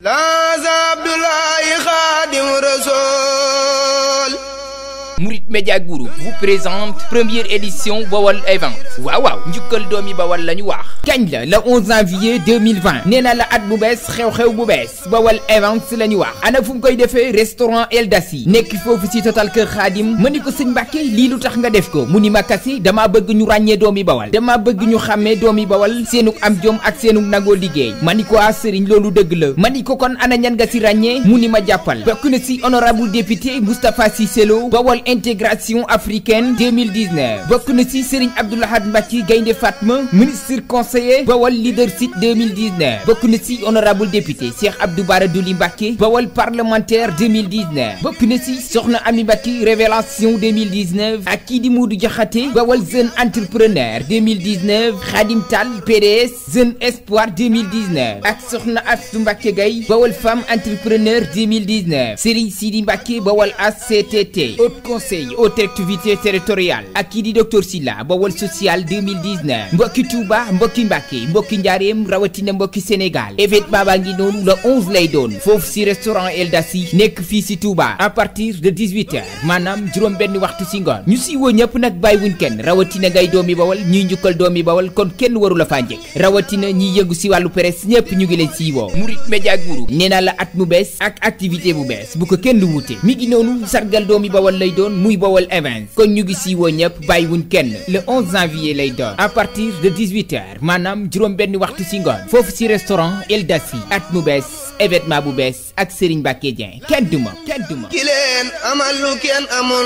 la Murit Media Group vous présente première édition Bawal Event waaw waaw njukkal doomi Bawal la ñu wax kañ la le 11 janvier 2020 nee na la at bu bees xew-xew bu bees Bawal Event la ñu wax ana fu mu koy defee restaurant Eldasi nekk foofu ci total kër Xaadim ma ni ko sëñ Mbàkke lii lu tax nga def ko mu ni ma kasi dama bëgg ñu ràññee doomi Bawal dama bëgg ñu xàmmee doomi Bawal seenuk am jom ak seenuk nangoo liggéey ma ni ko a ah, sëriñ loolu dëgg la ma ni ko kon ana ñan nga ci ràññee mu ni ma jàppal bokk na ci honorable député Moustapha intégration africaine 2019 bokk na ci Serigne Abdoul Ahad Mbacké Gaynde Fatma ministre conseiller Bawol leadership 2019 bokk na ci honorable député Cheikh Abdou Bara Doly Mbacké Bawol parlementaire 2019 bokk na ci Soxna Ami Mbacké révélation 2019 ak kii di Modou Diakhaté Bawol jeune entrepreneur 2019 Khadim Tall PDS jeune espoir 2019 ak Soxna Astou Mbacké Gaye Bawol femme entrepreneur 2019 Serigne Sidi Mbacké Bawol ACTT conseil aux collectivités territoriales ak kii di docteur Sylla Bawol social 2019 mbokki Touba mbokki Mbàkke mbokki Njaareem rawatina mbokki Sénégal événement ba ngi noonu le 11 lay doon foofu si restaurant Eldassi nekk fii si Touba à partir de 18h maanaam juróom benn waxtu si ngoon ñu si woo ñëpp nag bàyyiwuñ kenn rawatina ngay doomi Bawol ñuy njukkal doomi wal kon kenn waru la faa njëkk rawatina ñiy yëngu si wàllu presse ñëpp ñu ngi leen siy woo Murid Media Group nee naa la at mu bees ak bu bees bu ko kenn lu mi doon muy Bawol Events kon ñu ngi siiwoo ñëpp bàyyiwuñ kenn le 11 janvier lay doon à partir de 18h maanaam juróom benn waxtu si ngoon foofu si restaurant El Dassi at mu bees événement bu bees ak Serigne Mbacké Dieng kenn du ma kenn du ma. ki leen kenn amul.